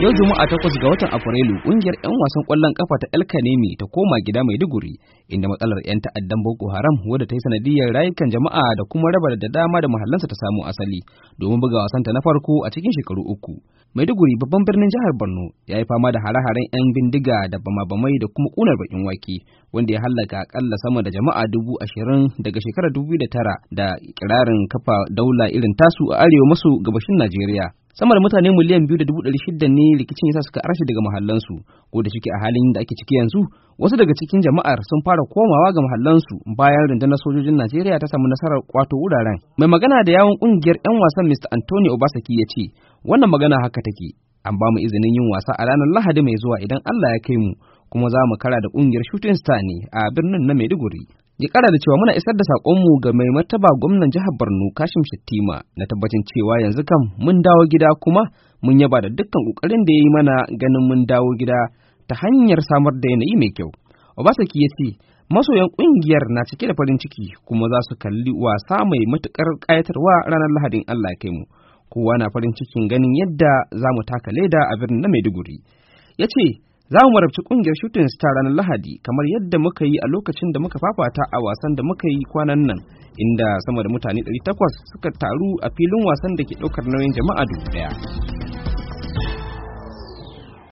Yau Juma'a takwas ga watan Afrilu kungiyar 'yan wasan kwallon kafa ta El Kanemi ta koma gida Maiduguri inda matsalar 'yan ta'addan Boko Haram wadda ta yi sanadiyar rayukan jama'a da kuma raba da dama da mahallansa ta samu asali domin buga wasan ta na farko a cikin shekaru uku. Maiduguri babban birnin jihar Borno ya yi fama da hare-haren 'yan bindiga da bama-bamai da kuma kunar bakin wake wanda ya hallaka akalla sama da jama'a dubu ashirin daga shekarar dubu da tara da kirarin kafa daula irin tasu a arewa maso gabashin Najeriya. sama da mutane miliyan biyu da dubu ɗari shida ne rikicin yasa suka arashe daga mahallansu ko da shike a halin da ake ciki yanzu wasu daga cikin jama'ar sun fara komawa ga mahallansu bayan rundunar sojojin najeriya ta samu nasarar kwato wuraren mai magana da yawon kungiyar yan wasan mr anthony obasaki ya ce wannan magana haka take an ba izinin yin wasa a ranar lahadi mai zuwa idan allah ya kai mu kuma za mu kara da kungiyar shooting star ne a birnin na maiduguri ya kara da cewa muna isar da saƙonmu ga mai martaba gwamnan jihar Borno Kashim Shettima na tabbacin cewa yanzu kan mun dawo gida kuma mun yaba da dukkan ƙoƙarin da ya yi mana ganin mun dawo gida ta hanyar samar da yanayi mai kyau. Obasaki ya ce masoyan ƙungiyar na cike da farin ciki kuma za su kalli wasa mai matuƙar ƙayatarwa ranar Lahadin Allah ya mu. Kowa na farin cikin ganin yadda za mu taka leda a birnin na Maiduguri. Ya ce za mu marabci kungiyar shooting star ranar lahadi kamar yadda muka yi a lokacin da muka fafata a wasan da muka yi kwanan nan inda sama da mutane 800 suka taru a filin wasan da ke ɗaukar nauyin jama'a duk ɗaya.